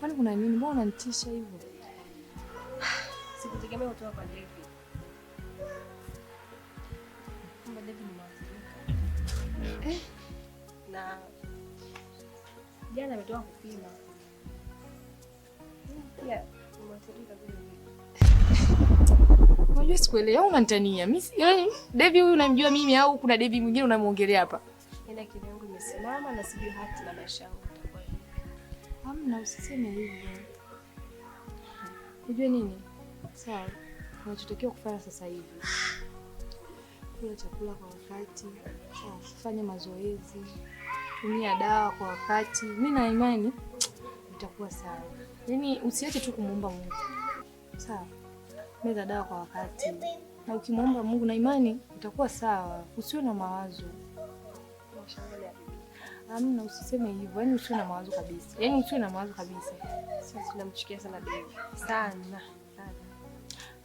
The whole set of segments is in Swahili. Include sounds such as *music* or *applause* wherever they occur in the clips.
Kwani kuna nini? Mbona unanitisha hivyo? Sikutegemea kutoka kwa David. Kumbe David ni mwathirika. Eh? Na jana ametoka kupima. Pia ni mwathirika vile Unajua sikuelewa au unanitania? Mimi yaani Devi huyu unamjua mimi au kuna Devi mwingine unamwongelea hapa? Ina yaani kidogo imesimama na sijui hata na maisha Hamna, usiseme hivyo. Ujue nini? Sawa, unachotakiwa kufanya sasa hivi kula chakula kwa wakati, fanya mazoezi, tumia dawa kwa wakati. Mimi na imani itakuwa sawa. Yaani usiache tu kumuomba Mungu, sawa? Meza dawa kwa wakati, na ukimuomba Mungu na imani itakuwa sawa. Usiwe na mawazo. Amna, usiseme hivyo. Yaani usiwe na mawazo kabisa. Yaani usiwe na mawazo kabisa. Sasa tunamchukia sana baby. Sana. Sana.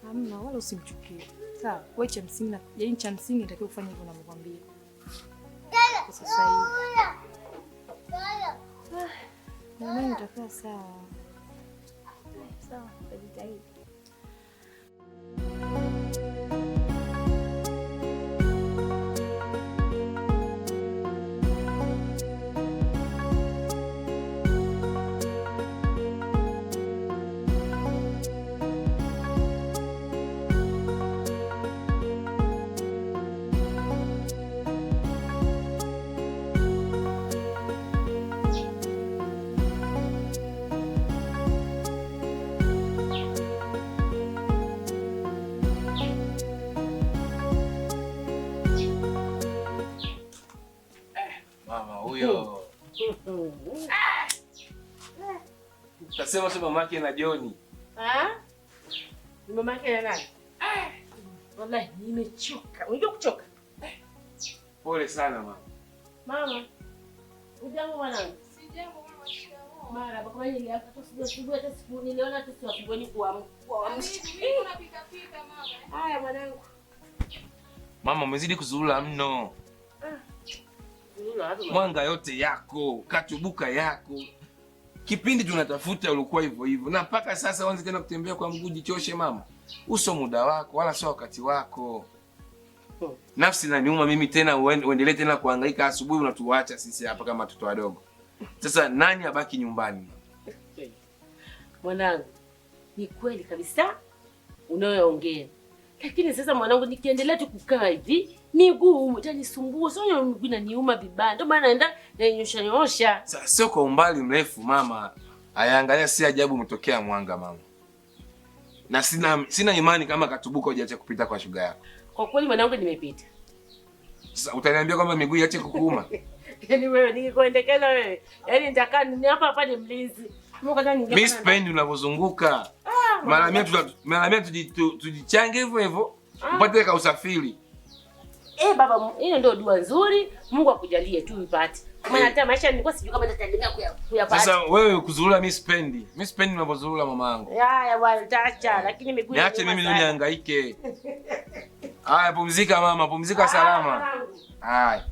Amna, wala usimchukie. Sawa, wewe cha msingi, na yaani cha msingi natakiwa kufanya hivyo namkwambia. Sasa hivi. Mama, ah, nitakaa sawa. Sawa, nitajitahidi. Sema tu mamake na Joni. Ah? Mamake na nani? Ah! Wallahi nimechoka. Unajua kuchoka? Pole sana mama. Mama. Ujambo mwanangu? mama. mama. Haya mwanangu. Mama umezidi kuzurura mno. Ah, Mwanga yote yako, katubuka yako. Kipindi tunatafuta ulikuwa hivyo hivyo, na mpaka sasa uanze tena kutembea kwa mguu. Jichoshe mama, uso muda wako wala sio wakati wako. nafsi na niuma mimi tena uendelee tena kuhangaika. Asubuhi unatuacha sisi hapa kama watoto wadogo. Sasa nani abaki nyumbani? Mwanangu, ni kweli kabisa unayoongea. Lakini sasa mwanangu, nikiendelea tu kukaa hivi miguu itanisumbua, sio miguu inaniuma vibaya, ndio maana naenda nanyosha nyosha. Sasa sio kwa umbali mrefu mama, ayaangalia, si ajabu umetokea Mwanga mama, na sina sina imani kama katubuka hujaacha kupita kwa shuga yako. Kwa kweli mwanangu, nimepita. Sasa utaniambia kwamba miguu iache kukuuma? *laughs* Yaani wewe nikikuendekeza wewe, yaani nitakaa ni hapa hapa, ni mlinzi mimi, sipendi unavyozunguka mara mia mara mia tujichange hivyo hivyo upate ah. ka usafiri. Eh, baba, hiyo ndio dua nzuri. Mungu akujalie tu ipate. Maana eh. hata maisha nilikuwa sijui kama nitaendelea kuyapata. Sasa wewe kuzurura, mimi sipendi. Mimi sipendi ninapozurura mamangu. Haya bwana, nitaacha lakini miguu niache mimi nihangaike. Haya, pumzika mama, pumzika ah, salama. Haya.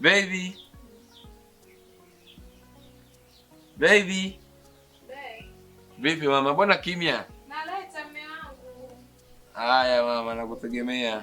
Baby. Baby. Vipi mama, mbona kimya? Naleta mume wangu. Haya mama, nakutegemea.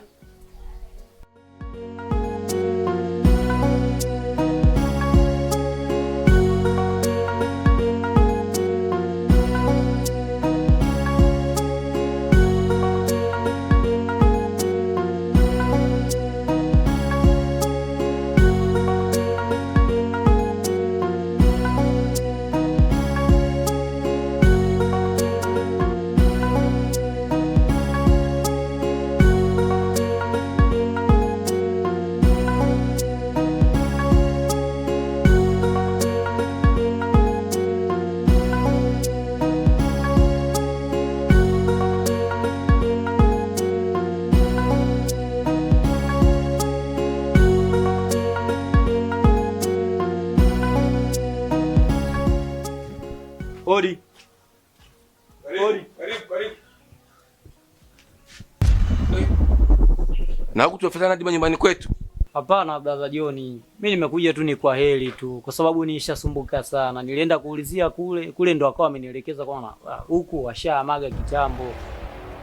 na huku tunafuatana hadi nyumbani kwetu. Hapana brother John, mimi nimekuja tu ni kwa heri tu, kwa sababu nishasumbuka sana. Nilienda kuulizia kule kule, ndo akawa amenielekeza ah, kwa huku washaamaga kitambo.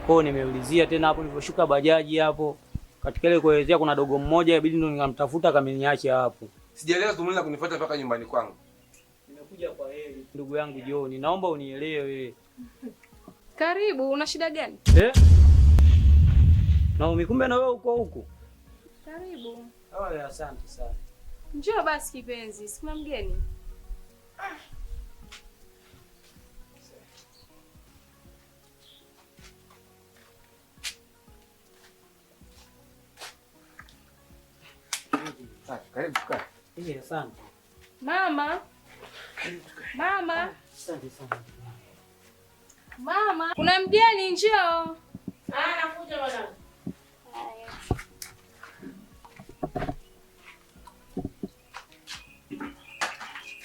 Kwao nimeulizia tena hapo nilivyoshuka bajaji hapo, katika ile kuelezea kuna dogo mmoja, ibidi ndo nikamtafuta, kameniacha hapo. Sijaelewa dhumuni la kunifuata mpaka nyumbani kwangu. Nimekuja kwa heri ndugu yangu John, naomba unielewe. Karibu, una shida gani? Eh? Naomi, kumbe na wewe uko huko. Karibu. Haya, asante sana. Njoo basi kipenzi, sikuna mgeni. Ah. Karibu kaa. Asante Mama. Mama. Asante sana. Mama, kuna mgeni njoo. Ah, nakuja bwana.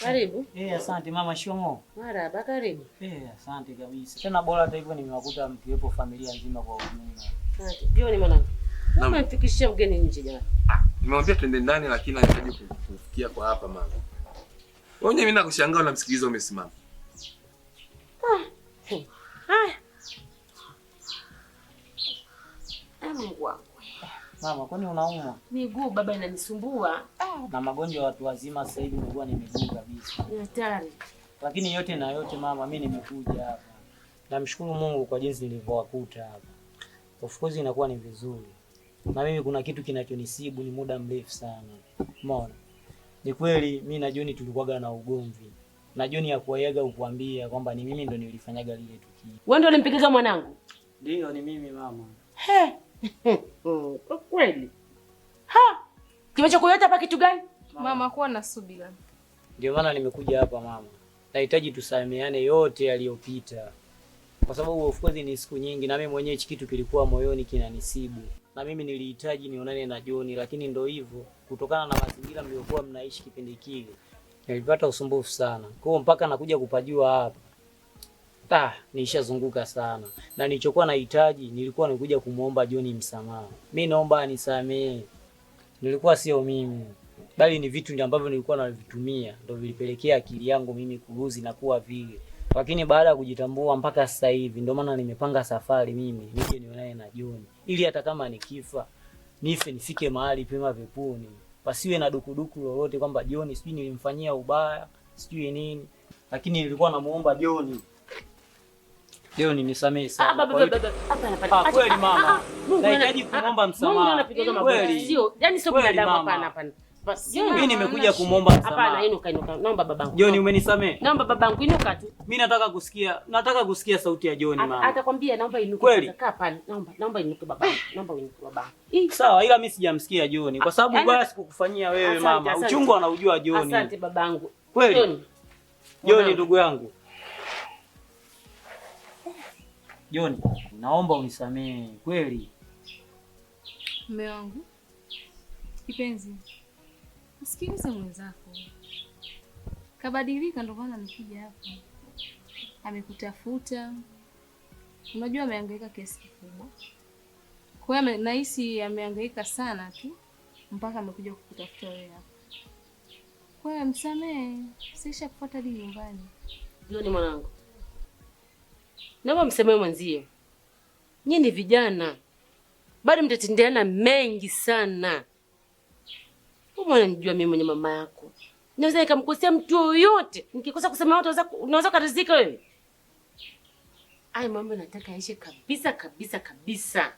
Karibu. Eh, yeah, asante mama Shomo. Marahaba, karibu. Eh, yeah, asante kabisa. Tena bora hata hivyo nimewakuta mkiwepo familia nzima kwa ujumla. Asante. Jioni mwanangu. Mama mfikishie mgeni nje jamani. Ah, nimemwambia twende ndani lakini anahitaji kufikia kwa hapa mama. Wewe mimi nakushangaa unamsikiliza umesimama. Ah. Hey. Hmm. Haya. Mama, kwani unaumwa? Miguu baba inanisumbua na magonjwa ya watu wazima sasa hivi imekuwa ni miguu kabisa, hatari. Lakini yote na yote, mama, mimi nimekuja hapa, namshukuru Mungu kwa jinsi nilivyowakuta hapa. Of course inakuwa ni vizuri, na mimi kuna kitu kinachonisibu ni muda mrefu sana. Umeona, ni kweli mimi na John tulikuwaga na ugomvi na John yakuwaiaga ukuambia kwamba ni mimi ndo nilifanyaga lile tukio. Wewe ndo ulimpigiza mwanangu? Ndio, ni mimi mama. He. *laughs* Kwa Kweli Kimechokuleta hapa kitu gani? Mama, mama kuwa na subira. Ndio maana nimekuja hapa mama. Nahitaji tusameane yote yaliyopita. Kwa sababu of course ni siku nyingi na mimi mwenyewe hichi kitu kilikuwa moyoni kinanisibu. Na mimi nilihitaji nionane na John lakini ndio hivyo kutokana na mazingira mliokuwa mnaishi kipindi kile. Nilipata usumbufu sana. Kwa hiyo mpaka nakuja kupajua hapa. Ta, nishazunguka sana. Na nilichokuwa nahitaji nilikuwa nikuja kumuomba John msamaha. Mimi naomba anisamehe nilikuwa sio mimi, bali ni vitu ambavyo nilikuwa navitumia ndio vilipelekea akili yangu mimi kuruzi na kuwa vile. Lakini baada ya kujitambua mpaka sasa hivi, ndio maana nimepanga safari mimi nije nionae na John, ili hata kama nikifa nife nifike mahali pema peponi, pasiwe na dukuduku lolote kwamba John sijui nilimfanyia ubaya sijui nini, lakini nilikuwa namuomba John Leo ni nimesamehe sana. Ah, ah, kweli mama, ah, nahitaji kumwomba msamaha. Yaani mimi nimekuja kumwomba msamaha. Joni, umenisamehe. Mimi nataka kusikia, nataka kusikia sauti ya Joni mama. Atakwambia naomba inuka. Kweli. Kaa Naomba naomba inuke baba. Naomba inuke baba. Sawa, ila mimi sijamsikia Joni kwa sababu ubaya yaani- sikukufanyia wewe mama. Uchungu anaujua Joni. Asante babangu. Kweli. Joni ndugu yangu. Joni, naomba unisamehe kweli. Mume wangu kipenzi, msikilize mwenzako, kabadilika, ndio maana nikuja hapa. Amekutafuta, unajua ameangaika kiasi kikubwa, kwa hiyo nahisi ameangaika sana tu mpaka amekuja kukutafuta wewe hapa. Kwa hiyo msamehe, sisha kupata hadi nyumbani. Joni mwanangu Naomba msemee mwenzie, nyinyi ni vijana bado mtatendeana mengi sana. Unanijua mimi mwenye mama yako, naweza nikamkosea mtu yoyote, nikikosa kusema unaweza ukarizika wewe. aya mambo nataka yaishe kabisa kabisa kabisa.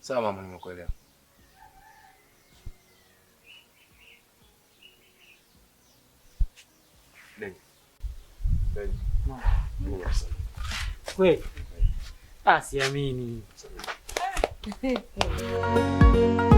Sawa mama, nimekuelewa. Kweli? Ah, siamini. *laughs*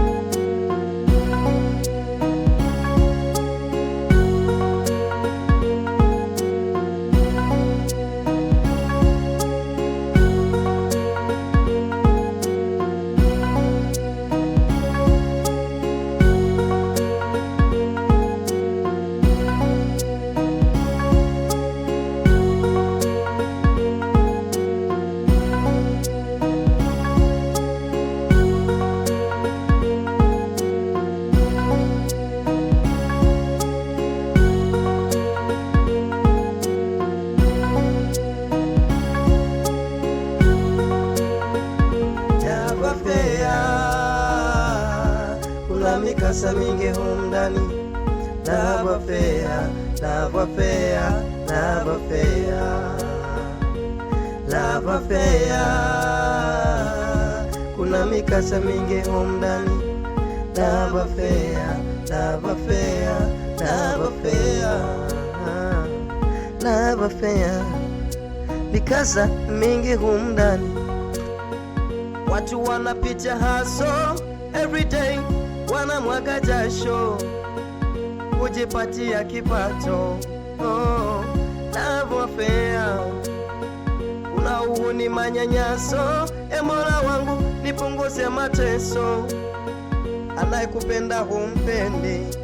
Lava Fair, Lava Fair, Lava Fair. Kuna mikasa mingi humdani Lava Fair, Lava Fair, Lava Fair, Lava Fair. Mikasa mingi humdani, watu wanapita haso every day wanamwaga jasho kujipatia kipato oh, navofea ni manyanyaso. E Mola wangu nipunguze mateso, anayekupenda humpendi